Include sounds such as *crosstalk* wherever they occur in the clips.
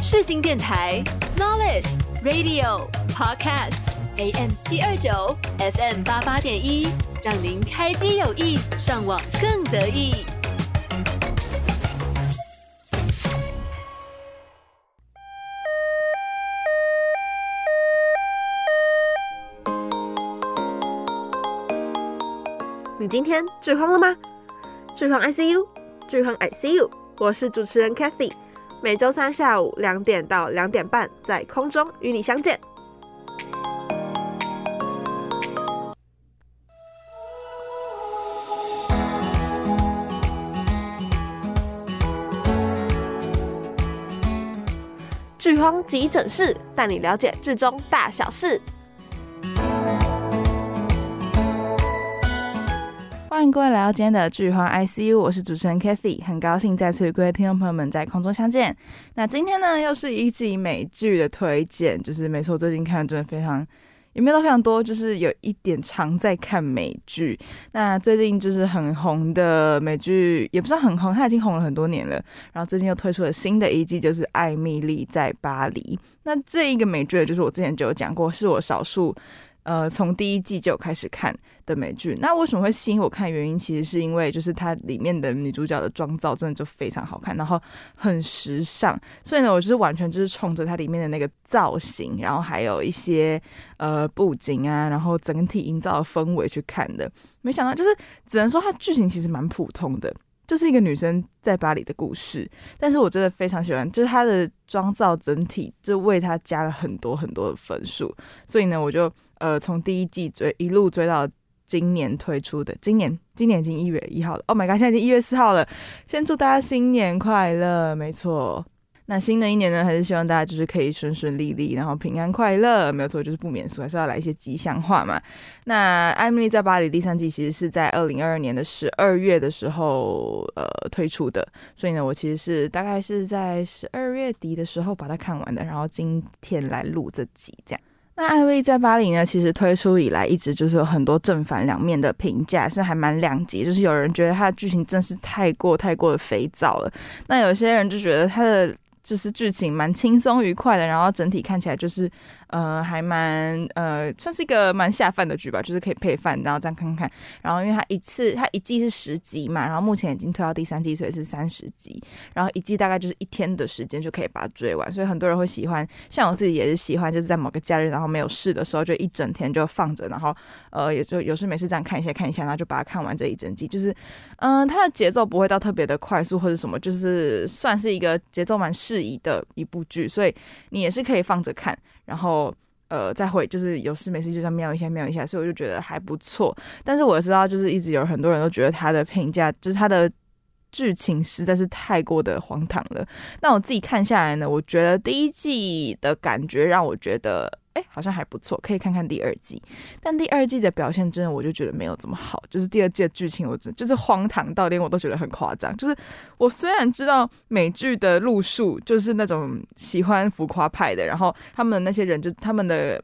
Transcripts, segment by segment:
世新電台 Knowledge Radio Podcast AM 七二九 FM 八八點一，讓您開機有益，上網更得意。你今天最狂了嗎？最狂 ICU，最狂 ICU，IC 我是主持人 Kathy。每週三下午兩點到兩點半，在空中與你相見。劇荒急診室，帶你了解劇中大小事。歡迎各位來到今天的劇荒 ICU，我是主持人 Kathy，很高興再次與各位聽眾朋友們在空中相見。那今天呢，又是一季美劇的推薦，就是沒錯，最近看了真的非常，也沒有到非常多，就是有一點常在看美劇。那最近就是很紅的美劇，也不是很紅，它已經紅了很多年了。然後最近又推出了新的一季，就是《艾蜜莉在巴黎》。那這一個美劇，就是我之前就有講過，是我少數。呃，從第一季就開始看的美劇，那為什麼會吸引我看？原因其實是因為就是它裡面的女主角的妝造真的就非常好看，然後很時尚，所以呢，我就是完全就是衝着它裡面的那個造型，然後還有一些呃布景啊，然後整體營造的氛圍去看的。沒想到就是只能說它劇情其實蠻普通的。就是一個女生在巴黎的故事，但是我真的非常喜歡，就是她的妝造整體，就為她加了很多很多的分數。所以呢，我就呃從第一季追一路追到今年推出的，今年今年已經一月一號了，Oh my god，現在已經一月四號了，先祝大家新年快樂，沒錯。那新的一年呢，還是希望大家就是可以順順利利，然後平安快樂。沒有錯，就是不免俗，還是要來一些吉祥話嘛。那《愛蜜莉在巴黎》第三季其實是在二零二二年的十二月的時候呃推出的，所以呢，我其實是大概是在十二月底的時候把它看完的。然後今天來錄這集這樣。那《愛蜜莉在巴黎》呢，其實推出以來一直就是有很多正反兩面的評價，是還蠻兩極。就是有人覺得它的劇情真是太過太過的肥皂了，那有些人就覺得它的。就是劇情蠻輕鬆愉快的，然後整體看起來就是。呃，還蠻呃，算是一個蠻下飯的劇吧，就是可以配飯，然後這樣看看。然後因為它一次它一季是十集嘛，然後目前已經推到第三季，所以是三十集。然後一季大概就是一天的時間就可以把它追完，所以很多人會喜歡，像我自己也是喜歡，就是在某個假日，然後沒有事的時候，就一整天就放着，然後呃，也就有事沒事這樣看一下看一下，然後就把它看完這一整季。就是嗯、呃，它的節奏不會到特別的快速或者什麼，就是算是一個節奏蠻適宜的一部劇，所以你也是可以放着看。然後，呃，再會就是有事沒事，就這樣瞄一下，瞄一下，所以我就覺得還不錯。但是我知道，就是一直有很多人都覺得他的評價，就是他的劇情實在是太過的荒唐了。那我自己看下來呢，我覺得第一季的感覺讓我覺得。好像還不錯，可以看看第二季。但第二季的表現真的，我就覺得沒有這麼好。就是第二季的劇情，我真就是荒唐到連我都覺得很誇張。就是我雖然知道美劇的路數，就是那種喜歡浮誇派的，然後他們的那些人就他們的，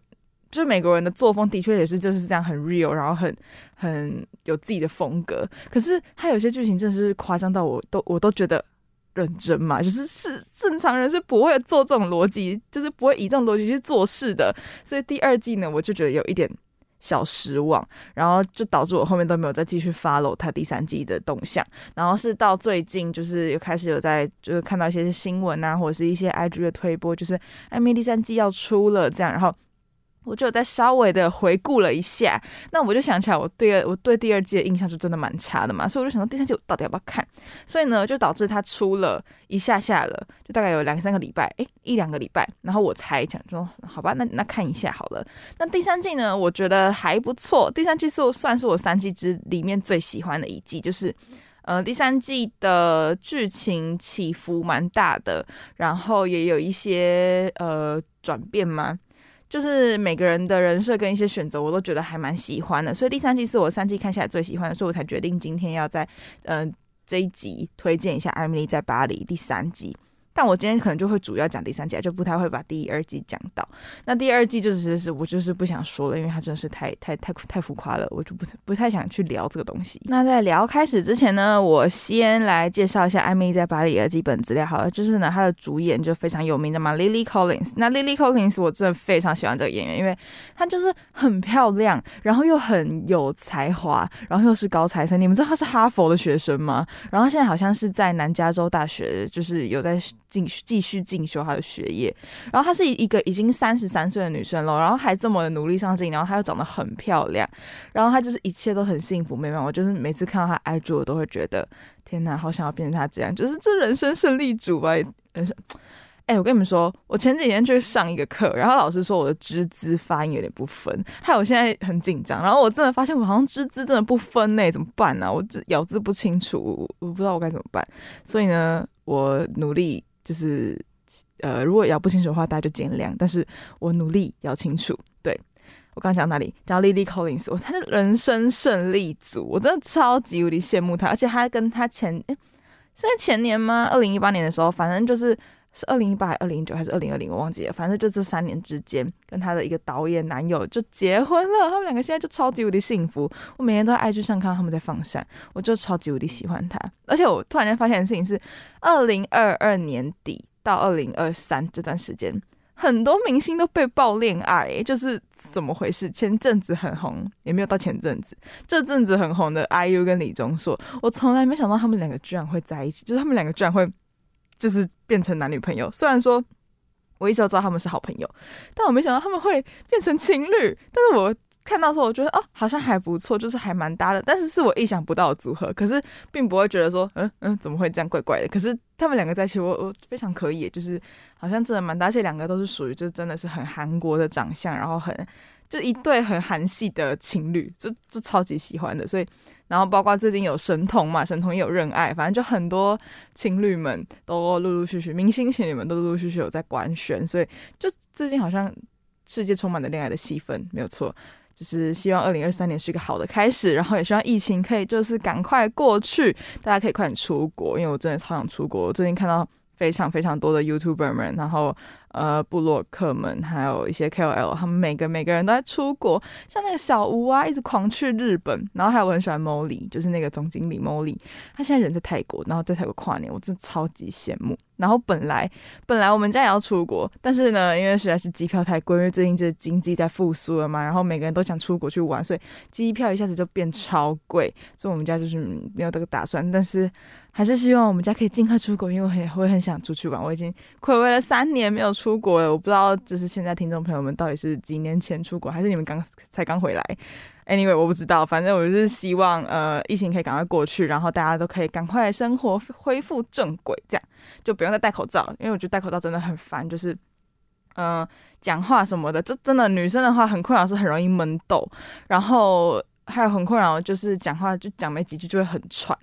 就是美國人的作風，的確也是就是這樣很 real，然後很很有自己的風格。可是他有些劇情真的是誇張到我都我都覺得。認真嘛，就是是正常人是不會做這種邏輯，就是不會以這種邏輯去做事的。所以第二季呢，我就覺得有一點小失望，然後就導致我後面都沒有再繼續 follow 他第三季的動向。然後是到最近，就是又開始有在就是看到一些新聞啊，或者是一些 IG 的推播，就是 Emily 第三季要出了這樣，然後。我就在稍微的回顧了一下，那我就想起來，我對我對第二季的印象是真的蠻差的嘛，所以我就想到第三季我到底要不要看，所以呢，就導致它出了一下下了，就大概有兩三個禮拜，誒，一兩個禮拜，然後我猜想說，好吧，那那看一下好了。那第三季呢，我覺得還不錯，第三季是算是我三季之裡面最喜歡的一季，就是呃，第三季的劇情起伏蠻大的，然後也有一些呃轉變嘛。就是每個人的人設跟一些選擇，我都覺得還蠻喜歡的，所以第三季是我三季看下來最喜歡的，所以我才決定今天要在嗯、呃、這一集推薦一下《愛蜜莉在巴黎》第三季。但我今天可能就會主要講第三季，就不太會把第一二季講到。那第二季就是是我就是不想說了，因為它真的是太太太太浮誇了，我就不太不太想去聊這個東西。那在聊開始之前呢，我先來介紹一下《艾蜜莉在巴黎》的基本資料好了。就是呢，它的主演就非常有名的嘛，Lily Collins。那 Lily Collins 我真的非常喜歡這個演員，因為她就是很漂亮，然後又很有才華，然後又是高材生。你們知道她是哈佛的學生嗎？然後現在好像是在南加州大學，就是有在。繼續繼續進修她的學業，然後她是一個已經三十三歲的女生了，然後還這麼的努力上進，然後她又長得很漂亮，然後她就是一切都很幸福，沒辦法，我就是每次看到她挨住，我都會覺得天哪，好想要變成她這樣，就是這人生勝利組吧。哎、欸，我跟你們說，我前幾天去上一個課，然後老師說我的之字發音有點不分，害我現在很緊張，然後我真的發現我好像之字真的不分嘞、欸，怎麼辦呢、啊？我咬字不清楚，我不知道我該怎麼辦，所以呢，我努力。就是，呃，如果咬不清楚的話，大家就見諒。但是我努力咬清楚。對我剛講哪裡，叫 Lily Collins，我人生勝利組，我真的超級無敵羨慕他。而且他跟他前、欸，是在前年嗎？二零一八年的時候，反正就是。是二零一八還是二零一九還是二零二零？我忘記了，反正就這三年之間，跟她的一個導演男友就結婚了。他們兩個現在就超級無敵幸福，我每天都在 IG 上看到他們在放閃，我就超級無敵喜歡他。而且我突然間發現的事情是，二零二二年底到二零二三這段時間，很多明星都被爆戀愛，就是怎麼回事？前陣子很紅，也沒有到前陣子，這陣子很紅的 IU 跟李鍾碩，我從來沒想到他們兩個居然會在一起，就是他們兩個居然會。就是變成男女朋友，雖然說我一直都知道他們是好朋友，但我沒想到他們會變成情侶。但是我看到的時候我覺得哦，好像還不錯，就是還蠻搭的。但是是我意想不到的組合，可是並不會覺得說，嗯嗯，怎麼會這樣怪怪的？可是他們兩個在一起我，我我非常可以，就是好像真的蠻搭的，而且兩個都是屬於就真的是很韓國的長相，然後很就一對很韓系的情侶，就就超級喜歡的，所以。然後包括最近有神童嘛，神童也有認愛，反正就很多情侶們都陸陸續續，明星情侶們都陸陸續續有在官宣，所以就最近好像世界充滿了戀愛的氣氛，沒有錯。就是希望二零二三年是一個好的開始，然後也希望疫情可以就是趕快過去，大家可以快點出國，因為我真的超想出國。我最近看到非常非常多的 YouTuber 們，然後。呃，部落客們還有一些 KOL，他們每個每個人都在出國，像那個小吳啊，一直狂去日本，然後還有我很喜歡 Molly，就是那個總經理 Molly，他現在人在泰國，然後在泰國跨年，我真的超級羨慕。然後本來本來我們家也要出國，但是呢，因為實在是機票太貴，因為最近這經濟在復甦了嘛，然後每個人都想出國去玩，所以機票一下子就變超貴，所以我們家就是沒有這個打算。但是還是希望我們家可以盡快出國，因為我也會很想出去玩，我已經睽違了三年沒有出。出國，我不知道，就是現在聽眾朋友們到底是幾年前出國，還是你們剛才剛回來？Anyway，我不知道，反正我就是希望，呃，疫情可以趕快過去，然後大家都可以趕快生活恢復正軌，這樣就不用再戴口罩，因為我覺得戴口罩真的很煩，就是，嗯、呃，講話什麼的，就真的女生的話很困擾，是很容易悶痘，然後還有很困擾就是講話就講沒幾句就會很喘。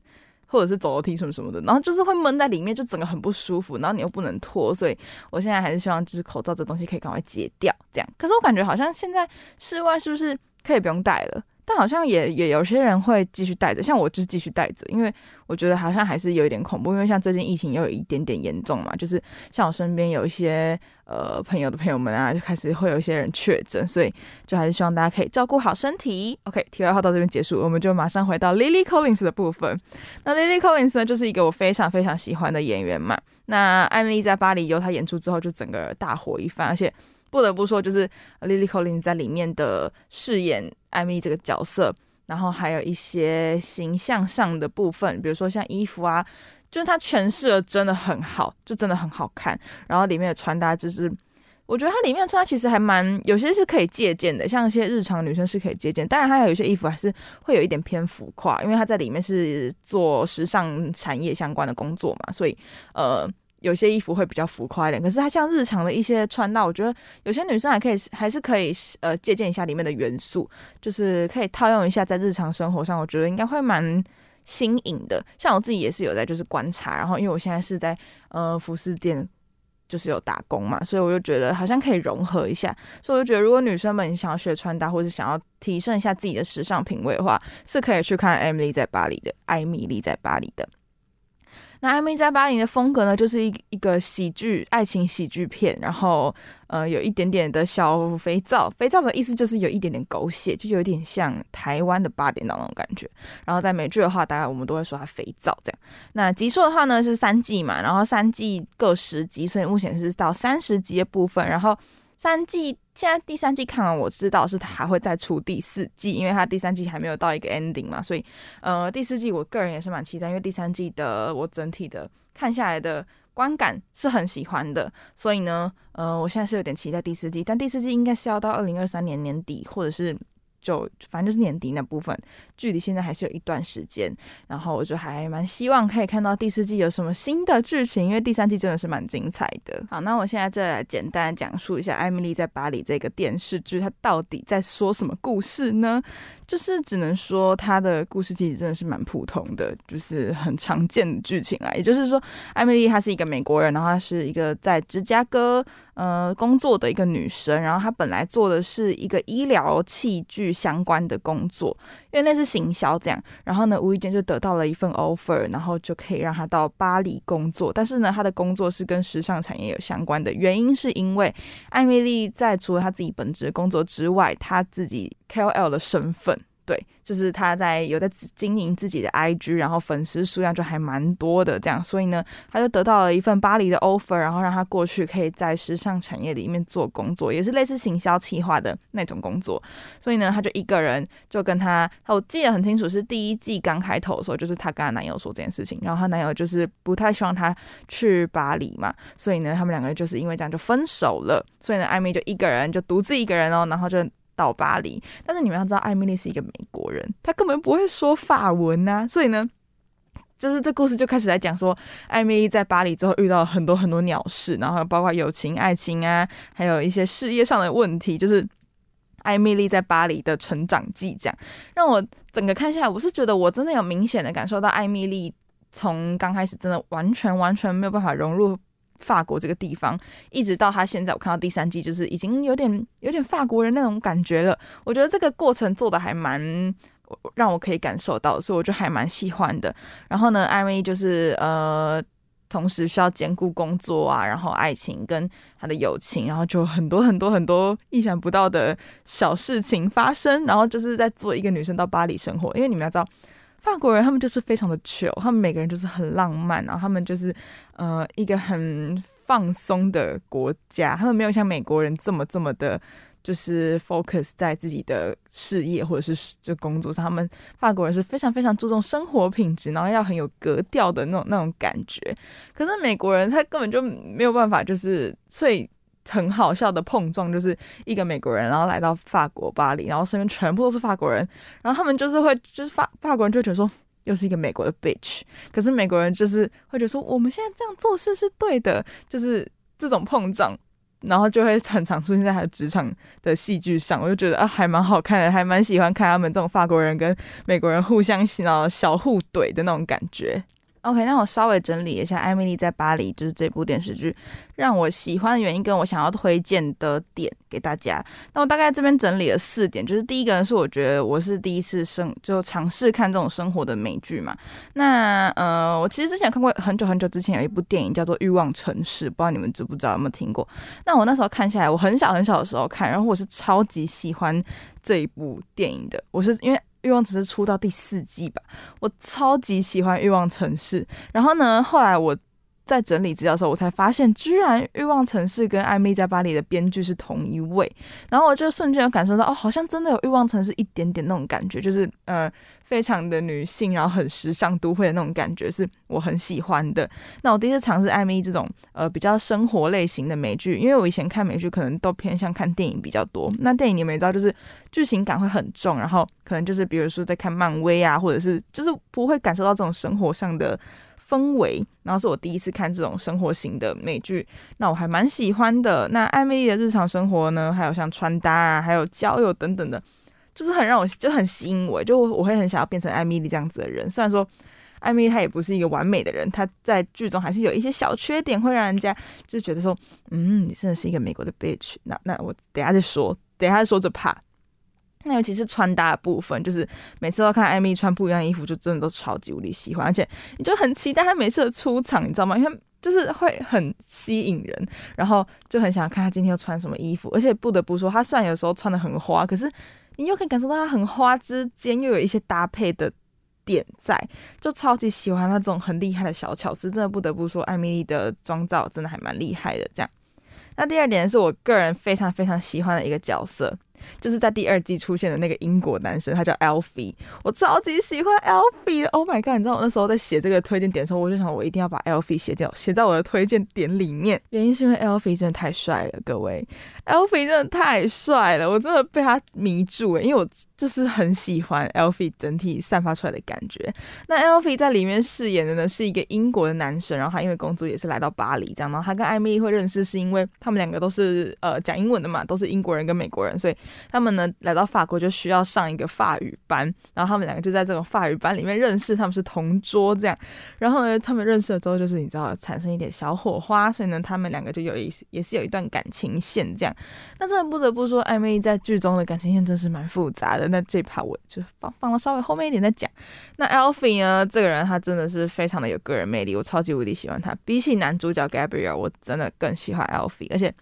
或者是走樓梯什麼什麼的，然後就是會悶在裡面，就整個很不舒服，然後你又不能脫，所以我現在還是希望就是口罩這東西可以趕快解掉，這樣。可是我感覺好像現在室外是不是可以不用戴了？但好像也也有些人會繼續戴着，像我就是繼續戴着，因為我覺得好像還是有一點恐怖，因為像最近疫情又有一點點嚴重嘛，就是像我身邊有一些呃朋友的朋友們啊，就開始會有一些人確診，所以就還是希望大家可以照顧好身體。OK，題外話到這邊結束，我們就馬上回到 Lily Collins 的部分。那 Lily Collins 呢，就是一個我非常非常喜歡的演員嘛。那 Emily 在巴黎由她演出之後，就整個大火一番，而且。不得不說，就是 Lily Collins 在裡面的飾演艾米這個角色，然後還有一些形象上的部分，比如說像衣服啊，就是她詮釋的真的很好，就真的很好看。然後裡面的穿搭就是，我覺得她裡面的穿搭其實還蠻有些是可以借鑑的，像一些日常女生是可以借鑑。當然，還有一些衣服還是會有一點偏浮誇，因為她在裡面是做時尚產業相關的工作嘛，所以呃。有些衣服會比較浮誇一點，可是它像日常的一些穿搭，我覺得有些女生還可以還是可以呃借鑑一下裡面的元素，就是可以套用一下在日常生活上，我覺得應該會蠻新穎的。像我自己也是有在就是觀察，然後因為我現在是在呃服飾店就是有打工嘛，所以我就覺得好像可以融合一下。所以我就覺得如果女生們想要學穿搭，或者想要提升一下自己的時尚品味的話，是可以去看《Emily 在巴黎》的，《艾蜜莉在巴黎》的。那《Emily in Paris》的風格呢，就是一一個喜劇愛情喜劇片，然後呃，有一點點的小肥皂，肥皂的意思就是有一點點狗血，就有點像台灣的八點檔那種感覺。然後在美劇的話，大概我們都會說它肥皂這樣。那集數的話呢，是三季嘛，然後三季各十集，所以目前是到三十集的部分。然後。三季現在第三季看完，我知道是他還會再出第四季，因為他第三季還沒有到一個 ending 嘛，所以呃第四季我個人也是蠻期待，因為第三季的我整體的看下來的觀感是很喜歡的，所以呢呃我現在是有點期待第四季，但第四季應該是要到二零二三年年底或者是。就反正就是年底那部分，距離現在還是有一段時間，然後我就還蠻希望可以看到第四季有什麼新的劇情，因為第三季真的是蠻精彩的。好，那我現在再來簡單講述一下《艾米麗在巴黎》這個電視劇，它到底在說什麼故事呢？就是只能說她的故事其實真的是蠻普通的，就是很常見的劇情啦。也就是說，艾米麗她是一個美國人，然後她是一個在芝加哥呃工作的一個女生，然後她本來做的是一個醫療器具相關的工作，因為那是行銷這樣。然後呢，無意間就得到了一份 offer，然後就可以讓她到巴黎工作。但是呢，她的工作是跟時尚產業有相關的，原因是因為艾米麗在除了她自己本職的工作之外，她自己 KOL 的身份。對，就是她在有在經營自己的 IG，然後粉絲數量就還蠻多的這樣，所以呢，她就得到了一份巴黎的 offer，然後讓她過去可以在時尚產業裡面做工作，也是類似行銷企劃的那種工作。所以呢，她就一個人，就跟她，他我記得很清楚是第一季剛開頭的時候，就是她跟她男友說這件事情，然後她男友就是不太希望她去巴黎嘛，所以呢，他們兩個就是因為這樣就分手了。所以呢，艾米就一個人，就獨自一個人哦，然後就。到巴黎，但是你們要知道，愛蜜莉是一個美國人，她根本不會說法文吶、啊。所以呢，就是這故事就開始來講說，愛蜜莉在巴黎之後遇到了很多很多鳥事，然後包括友情、愛情啊，還有一些事業上的問題，就是愛蜜莉在巴黎的成長記。這讓我整個看下來，我是覺得我真的有明顯的感受到，愛蜜莉從剛開始真的完全完全沒有辦法融入。法國這個地方，一直到他現在，我看到第三季，就是已經有點有點法國人那種感覺了。我覺得這個過程做得還蠻讓我可以感受到，所以我就還蠻喜歡的。然後呢，艾蜜莉就是呃，同時需要兼顧工作啊，然後愛情跟他的友情，然後就很多很多很多意想不到的小事情發生，然後就是在做一個女生到巴黎生活，因為你們要知道。法國人他們就是非常的 chill，他們每個人就是很浪漫，然後他們就是呃一個很放鬆的國家，他們沒有像美國人這麼這麼的，就是 focus 在自己的事業或者是就工作上，他們法國人是非常非常注重生活品質，然後要很有格調的那種那種感覺，可是美國人他根本就沒有辦法，就是所以。很好笑的碰撞，就是一個美國人，然後來到法國巴黎，然後身邊全部都是法國人，然後他們就是會，就是法法國人就覺得說，又是一個美國的 bitch，可是美國人就是會覺得說，我們現在這樣做事是對的，就是這種碰撞，然後就會常常出現在他的職場的戲劇上，我就覺得啊，還蠻好看的，還蠻喜歡看他們這種法國人跟美國人互相鬧小互懟的那種感覺。OK，那我稍微整理一下《愛蜜莉在巴黎》，就是這部電視劇讓我喜歡的原因跟我想要推薦的點給大家。那我大概這邊整理了四點，就是第一個呢是我覺得我是第一次生就嘗試看這種生活的美劇嘛。那呃，我其實之前看過很久很久之前有一部電影叫做《慾望城市》，不知道你們知不知道有沒有聽過？那我那時候看下來，我很小很小的時候看，然後我是超級喜歡這一部電影的。我是因為。欲望城市出到第四季吧，我超級喜歡《欲望城市》，然後呢，後來我。在整理資料的時候，我才發現，居然《欲望城市》跟《艾米在巴黎》的編劇是同一位。然後我就瞬間有感受到，哦，好像真的有《欲望城市》一點點那種感覺，就是呃，非常的女性，然後很時尚都會的那種感覺，是我很喜歡的。那我第一次嘗試《艾米》這種呃比較生活類型的美劇，因為我以前看美劇可能都偏向看電影比較多。那電影你們也知道，就是劇情感會很重，然後可能就是比如說在看漫威啊，或者是就是不會感受到這種生活上的。氛圍，然後是我第一次看這種生活型的美劇，那我還蠻喜歡的。那愛蜜莉的日常生活呢，還有像穿搭啊，還有交友等等的，就是很讓我就很吸引我，就我，我會很想要變成愛蜜莉這樣子的人。雖然說愛蜜莉她也不是一個完美的人，她在劇中還是有一些小缺點，會讓人家就覺得說，嗯，你真的是一個美國的 bitch。那那我等下再說，等下再說着怕。那尤其是穿搭的部分，就是每次都看艾米麗穿不一樣的衣服，就真的都超級無敵喜歡，而且你就很期待她每次的出場，你知道嗎？因為就是會很吸引人，然後就很想看她今天又穿什麼衣服。而且不得不說，她雖然有時候穿得很花，可是你又可以感受到她很花之間又有一些搭配的點在，就超級喜歡那種很厲害的小巧思。真的不得不說，艾米麗的妝造真的還蠻厲害的。這樣，那第二點是我個人非常非常喜歡的一個角色。就是在第二季出現的那個英國男生，他叫 Alfie 我超級喜歡 Alfie 的，Oh my god！你知道我那時候在寫這個推薦點的時候，我就想我一定要把 Alfie 寫掉，寫在我的推薦點裡面。原因是因為 Alfie 真的太帥了，各位 Alfie 真的太帥了，我真的被他迷住、欸。因為我就是很喜歡 Alfie 整體散發出來的感覺。那 Alfie 在裡面飾演的呢是一個英國的男生，然後他因為工作也是來到巴黎這樣。然後他跟艾蜜莉會認識，是因為他們兩個都是呃講英文的嘛，都是英國人跟美國人，所以。他們呢來到法國就需要上一個法語班，然後他們兩個就在這種法語班裡面認識，他們是同桌這樣。然後呢，他們認識了之後，就是你知道產生一點小火花，所以呢，他們兩個就有一，也是有一段感情線這樣。那真的不得不說，艾蜜莉在劇中的感情線真是蠻複雜的。那這 part 我就放放到稍微後面一點再講。那 Alfie 呢，這個人他真的是非常的有個人魅力，我超級無敵喜歡他。比起男主角 Gabriel，我真的更喜歡 Alfie，而且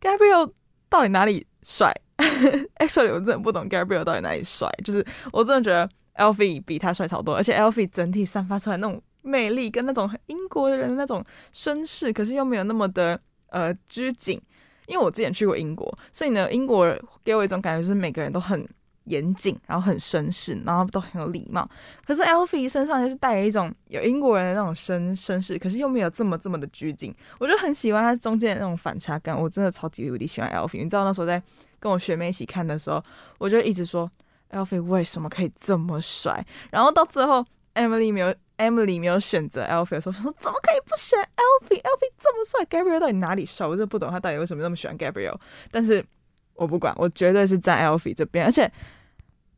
Gabriel 到底哪裡帥？ *laughs* Actually，我真的不懂 Gabriel 到底哪裡帥，就是我真的覺得 Alfie 比他帥超多，而且 Alfie 整體散發出來那種魅力跟那種英國人的那種紳士，可是又沒有那麼的呃拘謹。因為我之前去過英國，所以呢，英國給我一種感覺就是每個人都很嚴謹，然後很紳士，然後都很有禮貌。可是 Alfie 身上就是帶有一種有英國人的那種紳紳士，可是又沒有這麼這麼的拘謹。我就很喜歡他中間的那種反差感，我真的超級無敵喜歡 Alfie。你知道那時候在。跟我學妹一起看的時候，我就一直說，Alfie 為什麼可以這麼帥？然後到最後，Emily 沒有 Emily 沒有選擇 Alfie 的時候，說怎麼可以不選 Alfie？Alfie 這麼帥，Gabriel 到底哪裡帥？我就不懂他到底為什麼那麼喜歡 Gabriel。但是我不管，我絕對是站 Alfie 這邊，而且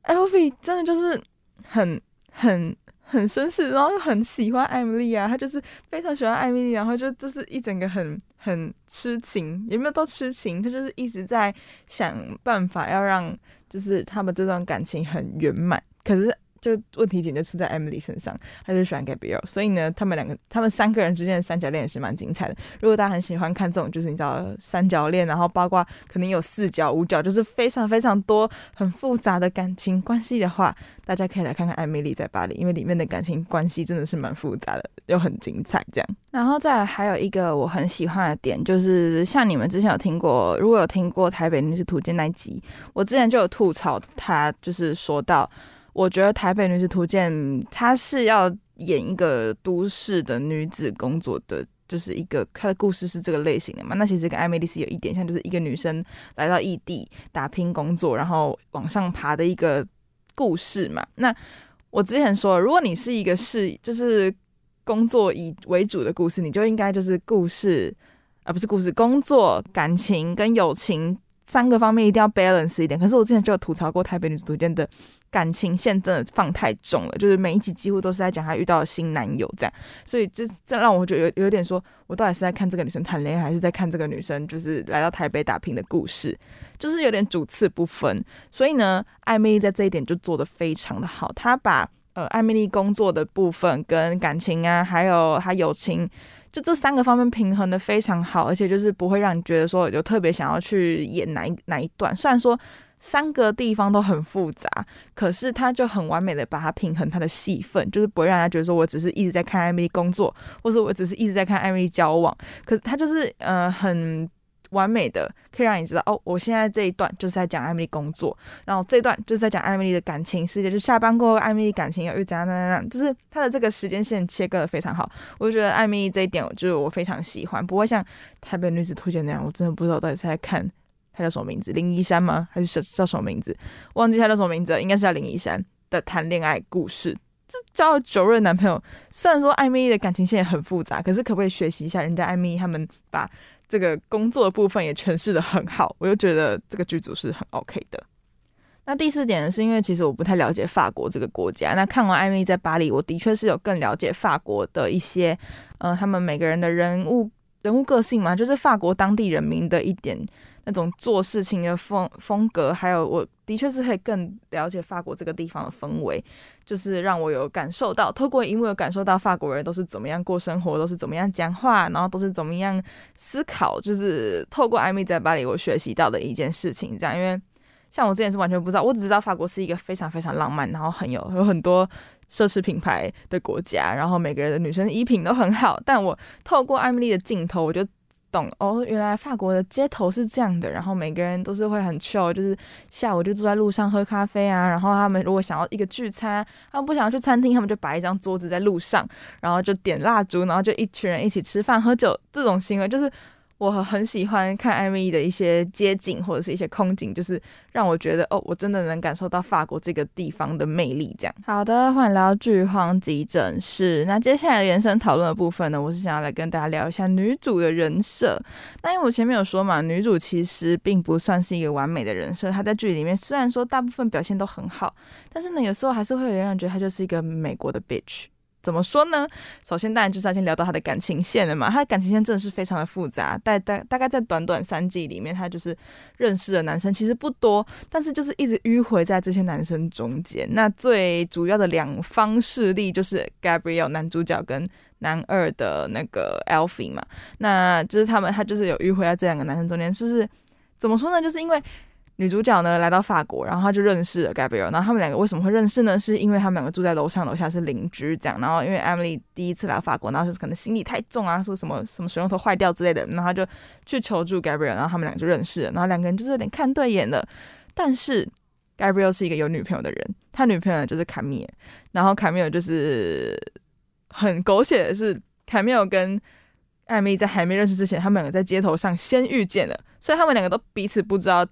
Alfie 真的就是很很。很紳士，然後又很喜歡艾米麗啊，他就是非常喜歡艾米麗，然後就就是一整個很很痴情，也沒有到痴情，他就是一直在想辦法要讓就是他們這段感情很圓滿，可是。就問題點就出在 Emily 身上，她就是喜歡 Gabriel，所以呢，他們兩個、他們三個人之間的三角戀也是蠻精彩的。如果大家很喜歡看這種，就是你知道三角戀，然後包括可能有四角、五角，就是非常非常多、很複雜的感情關係的話，大家可以來看看《Emily 在巴黎》，因為裡面的感情關係真的是蠻複雜的，又很精彩。這樣，然後再來還有一個我很喜歡的點，就是像你們之前有聽過，如果有聽過台北女子圖鑑那一集，我之前就有吐槽，他就是說到。我覺得《台北女子圖鑑》它是要演一個都市的女子工作的，就是一個它的故事是這個類型的嘛？那其實跟《愛蜜莉》絲有一點像，就是一個女生來到異地打拼工作，然後往上爬的一個故事嘛。那我之前說，如果你是一個是就是工作以為主的故事，你就應該就是故事啊，不是故事，工作、感情跟友情。三個方面一定要 balance 一點，可是我之前就有吐槽過台北女子圖鑑，的感情線真的放太重了，就是每一集幾乎都是在講她遇到的新男友這樣，所以這這讓我覺得有有點說，我到底是在看這個女生談戀愛，還是在看這個女生就是來到台北打拼的故事，就是有點主次不分。所以呢，艾米麗在這一點就做得非常的好，她把呃艾米麗工作的部分跟感情啊，還有她友情。就這三個方面平衡的非常好，而且就是不會讓你覺得說有特別想要去演哪一哪一段。雖然說三個地方都很複雜，可是他就很完美的把它平衡。他的戲份就是不會讓人家覺得說我只是一直在看愛蜜莉工作，或者我只是一直在看愛蜜莉交往。可是他就是嗯、呃、很。完美的可以讓你知道哦，我現在這一段就是在講愛蜜莉工作，然後這一段就是在講愛蜜莉的感情世界，就下班過後愛蜜莉感情又怎樣怎樣怎樣，就是他的這個時間線切割的非常好，我就覺得愛蜜莉這一點我，我就是、我非常喜歡。不會像台北女子圖鑑那樣，我真的不知道我到底是在看他叫什麼名字，林一山嗎？還是是叫，叫什麼名字？忘記他叫什麼名字了，應該是叫林一山的談戀愛故事，這叫九任男朋友。雖然說愛蜜莉的感情線也很複雜，可是可不可以學習一下人家愛蜜莉他們把。這個工作的部分也詮釋得很好，我就覺得這個劇組是很 OK 的。那第四點呢，是因為其實我不太了解法國這個國家。那看完艾米在巴黎，我的確是有更了解法國的一些，呃，他們每個人的人物、人物個性嘛，就是法國當地人民的一點。那種做事情的風風格，還有我的確是可以更了解法國這個地方的氛圍，就是讓我有感受到，透過螢幕有感受到法國人都是怎麼樣過生活，都是怎麼樣講話，然後都是怎麼樣思考，就是透過愛蜜莉在巴黎，我學習到的一件事情。這樣，因為像我之前是完全不知道，我只知道法國是一個非常非常浪漫，然後很有有很多奢侈品牌的國家，然後每個人的女生衣品都很好。但我透過愛蜜莉的鏡頭，我就。哦，原來法國的街頭是這樣的，然後每個人都是會很 chill，就是下午就坐在路上喝咖啡啊。然後他們如果想要一個聚餐，他們不想要去餐廳，他們就擺一張桌子在路上，然後就點蠟燭，然後就一群人一起吃飯喝酒，這種行為就是。我很喜歡看 MV 的一些街景或者是一些空景，就是讓我覺得哦，我真的能感受到法國這個地方的魅力。這樣，好的，歡迎來到《劇荒急診室》。那接下來的延伸討論的部分呢，我是想要來跟大家聊一下女主的人設。那因為我前面有說嘛，女主其實並不算是一個完美的人設。她在劇裡面雖然說大部分表現都很好，但是呢，有時候還是會有人覺得她就是一個美國的 bitch。怎麼說呢？首先，當然就是要先聊到他的感情線了嘛。他的感情線真的是非常的複雜。大大大概在短短三季裡面，他就是認識的男生其實不多，但是就是一直迂迴在這些男生中間。那最主要的兩方勢力就是 Gabriel 男主角跟男二的那個 Alfie 嘛。那就是他們，他就是有迂迴在這兩個男生中間。就是怎麼說呢？就是因為。女主角呢來到法國，然後她就認識了 Gabriel。然後他們兩個為什麼會認識呢？是因為他們兩個住在樓上樓下是鄰居這樣。然後因為 Emily 第一次來法國，然後就是可能行李太重啊，說什麼什麼水龍頭壞掉之類的，然後她就去求助 Gabriel。然後他們兩個就認識了，然後兩個人就是有點看對眼了。但是 Gabriel 是一個有女朋友的人，他女朋友就是 Camille。然後 Camille 就是很狗血的是，Camille 跟 Emily 在還沒認識之前，他們兩個在街頭上先遇見了，所以他們兩個都彼此不知道。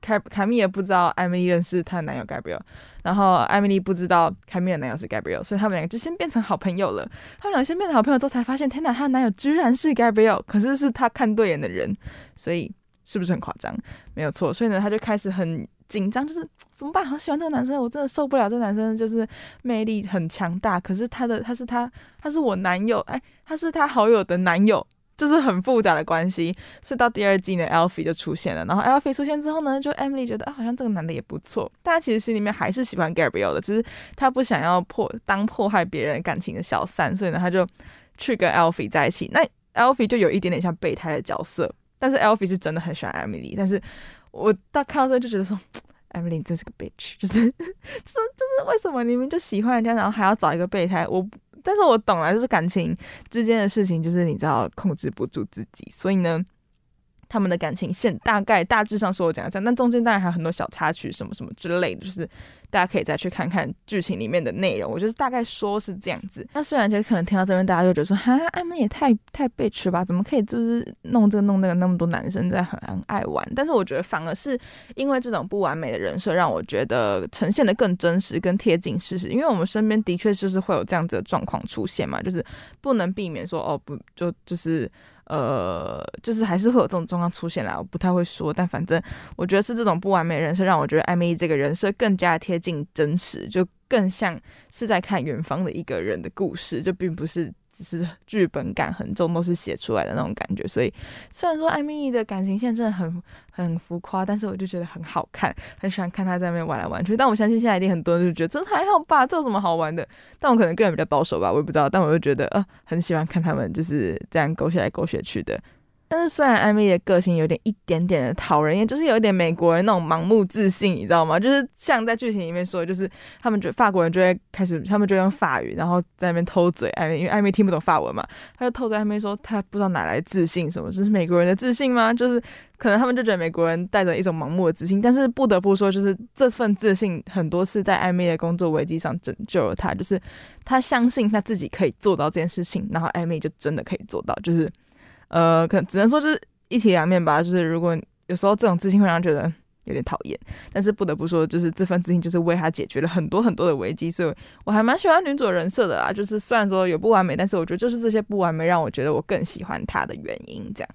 凱凱米也不知道艾米麗認識她的男友 Gabriel，然後艾米麗不知道凱米的男友是 Gabriel，所以他們兩個就先變成好朋友了。他們兩個先變成好朋友之後，才發現天哪，她的男友居然是 Gabriel，可是是她看對眼的人，所以是不是很誇張？沒有錯，所以呢，她就開始很緊張，就是怎麼辦？好喜歡這個男生，我真的受不了這個男生，就是魅力很強大，可是他的他是他，他是我男友，哎，他是他好友的男友。就是很複雜的關係，是到第二季呢 Alfie 就出現了，然後 Alfie 出現之後呢，就 Emily 覺得啊，好像這個男的也不錯，但其實心裡面還是喜歡 Gabriel 的，只是他不想要破，當迫害別人的感情的小三，所以呢，他就去跟 Alfie 在一起。那 Alfie 就有一點點像備胎的角色，但是 Alfie 是真的很喜歡 Emily，但是我到看到這就覺得說，Emily 你真是個 bitch，就是就是就是為什麼你們就喜歡人家，然後還要找一個備胎？我。但是我懂了，就是感情之間的事情，就是你知道控制不住自己，所以呢，他們的感情線大概大致上是我講的這樣，但中間當然還有很多小插曲，什麼什麼之類的，就是。大家可以再去看看劇情裡面的內容，我就是大概說是這樣子。那雖然就可能聽到這邊，大家就覺得說，哈、啊，他、嗯、們也太太 bitch 吧？怎麼可以就是弄這個弄那個？那麼多男生在很愛玩，但是我覺得反而是因為這種不完美的人設，讓我覺得呈現的更真實，跟貼近事實。因為我們身邊的確就是會有這樣子的狀況出現嘛，就是不能避免說，哦不，就就是。呃，就是還是會有這種狀況出現啦，我不太會說，但反正我覺得是這種不完美人設，讓我覺得 Emily 這個人設更加貼近真實，就更像是在看遠方的一個人的故事，就並不是。只是劇本感很重，都是寫出來的那種感覺，所以雖然說艾米的感情線真的很很浮誇，但是我就覺得很好看，很喜歡看他在那邊玩來玩去。但我相信現在一定很多人就覺得真的還好吧，這有什麼好玩的？但我可能個人比較保守吧，我也不知道。但我就覺得呃，很喜歡看他們就是這樣狗血來狗血去的。但是，雖然艾米的個性有點一點點的討人厭，就是有一點美國人那種盲目自信，你知道嗎？就是像在劇情裡面說，就是他們覺得法國人就會開始，他們就用法語，然後在那邊偷嘴。艾米因為艾米聽不懂法文嘛，他就偷着艾米說他不知道哪來自信什麼，就是美國人的自信嗎？就是可能他們就覺得美國人帶着一種盲目的自信。但是不得不說，就是這份自信很多次在艾米的工作危機上拯救了他。就是他相信他自己可以做到這件事情，然後艾米就真的可以做到，就是。呃，可能只能說就是一體兩面吧，就是如果有時候這種自信會讓人覺得有點討厭，但是不得不說，就是這份自信就是為他解決了很多很多的危機，所以我還蠻喜歡女主人設的啦。就是雖然說有不完美，但是我覺得就是這些不完美讓我覺得我更喜歡他的原因，這樣。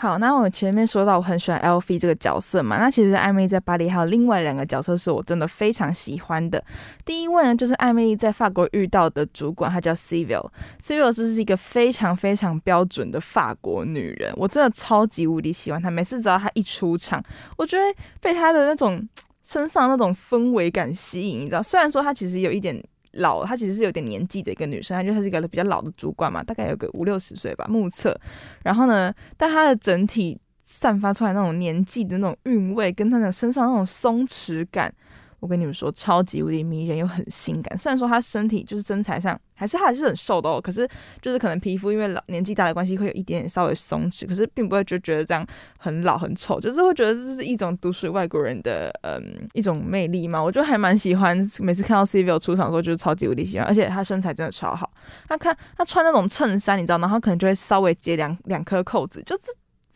好，那我前面說到我很喜歡 LV 這個角色嘛，那其實艾蜜莉在巴黎還有另外兩個角色是我真的非常喜歡的。第一位呢，就是艾蜜莉在法國遇到的主管，她叫 Sylvie，Sylvie 就是一個非常非常標準的法國女人，我真的超級無敵喜歡她。每次只要她一出場，我覺得被她的那種身上那種氛圍感吸引，你知道，雖然說她其實有一點。老，她其實是有點年紀的一個女生，她就她是一個比較老的主管嘛，大概有個五六十歲吧，目測。然後呢，但她的整體散發出來那種年紀的那種韻味，跟她的身上那種鬆弛感。我跟你們說，超級無敵迷人又很性感。雖然說她身體就是身材上還是還是很瘦的哦，可是就是可能皮膚因為老年紀大的關係會有一點點稍微鬆弛，可是並不會就覺得這樣很老很醜，就是會覺得這是一種獨屬於外國人的嗯一種魅力嘛。我就還蠻喜歡，每次看到 Sylvie 出場的時候就是超級無敵喜歡，而且她身材真的超好。她看她穿那種襯衫，你知道嗎？她可能就會稍微解兩兩顆釦子，就是。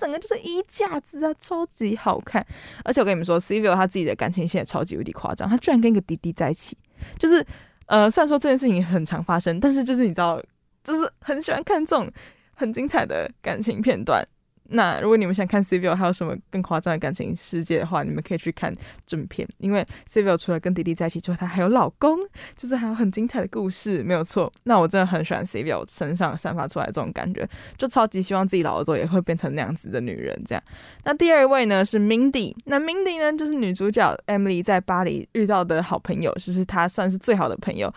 整個就是衣架子啊，超級好看。而且我跟你們說，Sylvie 他自己的感情線也超級無敵誇張，他居然跟一個弟弟在一起。就是，呃，雖然說這件事情很常發生，但是就是你知道，就是很喜歡看這種很精彩的感情片段。那如果你們想看 Sylvie 還有什麼更誇張的感情世界的話，你們可以去看正片，因為 Sylvie 除了跟弟弟在一起之外，她還有老公，就是還有很精彩的故事，沒有錯。那我真的很喜歡 Sylvie 身上散發出來的這種感覺，就超級希望自己老了之後也會變成那樣子的女人這樣。那第二位呢是 Mindy，那 Mindy 呢就是女主角 Emily 在巴黎遇到的好朋友，就是她算是最好的朋友。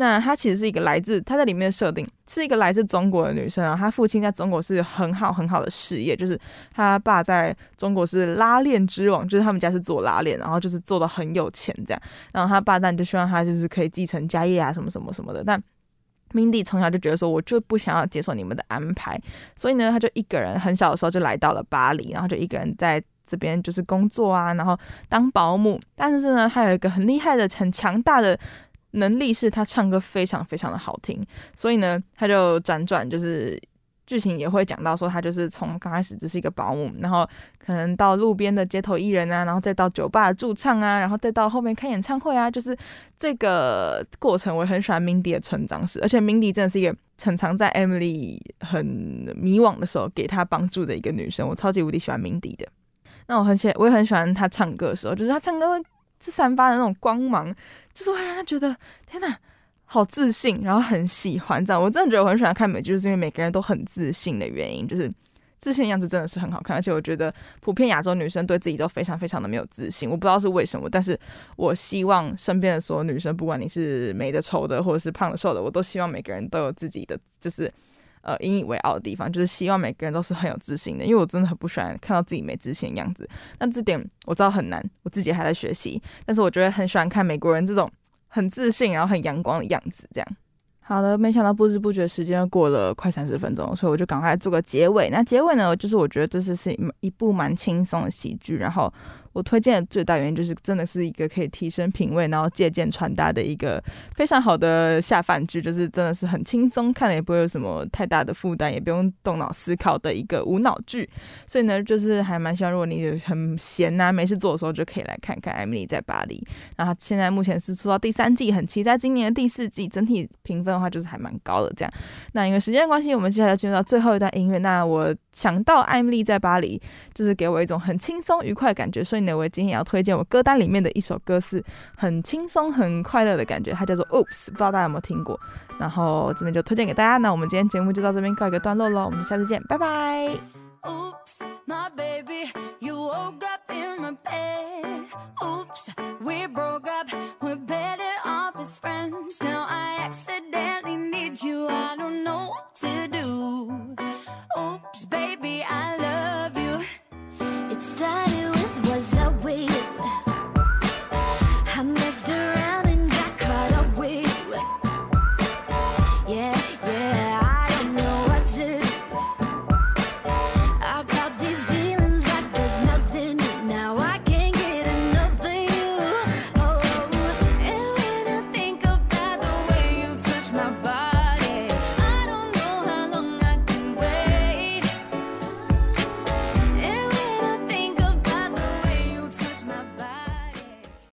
那她其實是一個來自，她在裡面的設定，是一個來自中國的女生。然後她父親在中國是很好很好的事業，就是她爸在中國是拉鏈之王，就是他們家是做拉鏈，然後就是做的很有錢這樣。然後她爸但就希望她就是可以繼承家業啊什麼什麼什麼的，但 Mindy 從小就覺得說我就不想要接受你們的安排，所以呢，她就一個人很小的時候就來到了巴黎，然後就一個人在這邊就是工作啊，然後當保姆。但是呢，她有一個很厲害的、很強大的。能力是他唱歌非常非常的好聽，所以呢，他就輾轉，轉，就是劇情也會講到說他就是從剛開始只是一個保姆，然後可能到路邊的街頭藝人啊，然後再到酒吧駐唱啊，然後再到後面開演唱會啊，就是這個過程，我很喜歡 Mindy 的成長史，而且 Mindy 真的是一個常常在 Emily 很迷惘的時候給她幫助的一個女生，我超級無敵喜歡 Mindy 的，那我很喜我也很喜歡她唱歌的時候，就是她唱歌這散發的那種光芒，就是我會讓人覺得天哪，好自信，然後很喜歡這樣。我真的覺得我很喜歡看美劇，就是因為每個人都很自信的原因。就是自信的樣子真的是很好看，而且我覺得普遍亞洲女生對自己都非常非常的沒有自信。我不知道是為什麼，但是我希望身邊的所有女生，不管你是美的、醜的，或者是胖的、瘦的，我都希望每個人都有自己的就是。呃，引以為傲的地方，就是希望每個人都是很有自信的，因為我真的很不喜歡看到自己沒自信的樣子。那這點我知道很難，我自己還在學習，但是我覺得很喜歡看美國人這種很自信，然後很陽光的樣子。這樣，好了，沒想到不知不覺時間過了快三十分鐘，所以我就趕快來做個結尾。那結尾呢，就是我覺得這次是一，一部蠻輕鬆的喜劇，然後。我推薦的最大原因就是，真的是一個可以提升品味，然後借鑑穿搭的一個非常好的下飯劇，就是真的是很輕鬆，看了也不會有什麼太大的負擔，也不用動腦思考的一個無腦劇。所以呢，就是還蠻希望如果你很閒啊，沒事做的時候就可以來看看《愛蜜莉在巴黎》。然後現在目前是出到第三季，很期待今年的第四季。整體評分的話，就是還蠻高的。這樣，那因為時間關係，我們接下來進入到最後一段音樂。那我想到《愛蜜莉在巴黎》，就是給我一種很輕鬆愉快的感覺，所以。那我今天也要推薦我歌單裡面的一首歌，是很輕鬆、很快樂的感覺，它叫做 Oops，不知道大家有沒有聽過？然後這邊就推薦給大家，那我們今天節目就到這邊告一個段落嘍，我們下次見，拜拜。Oops, my baby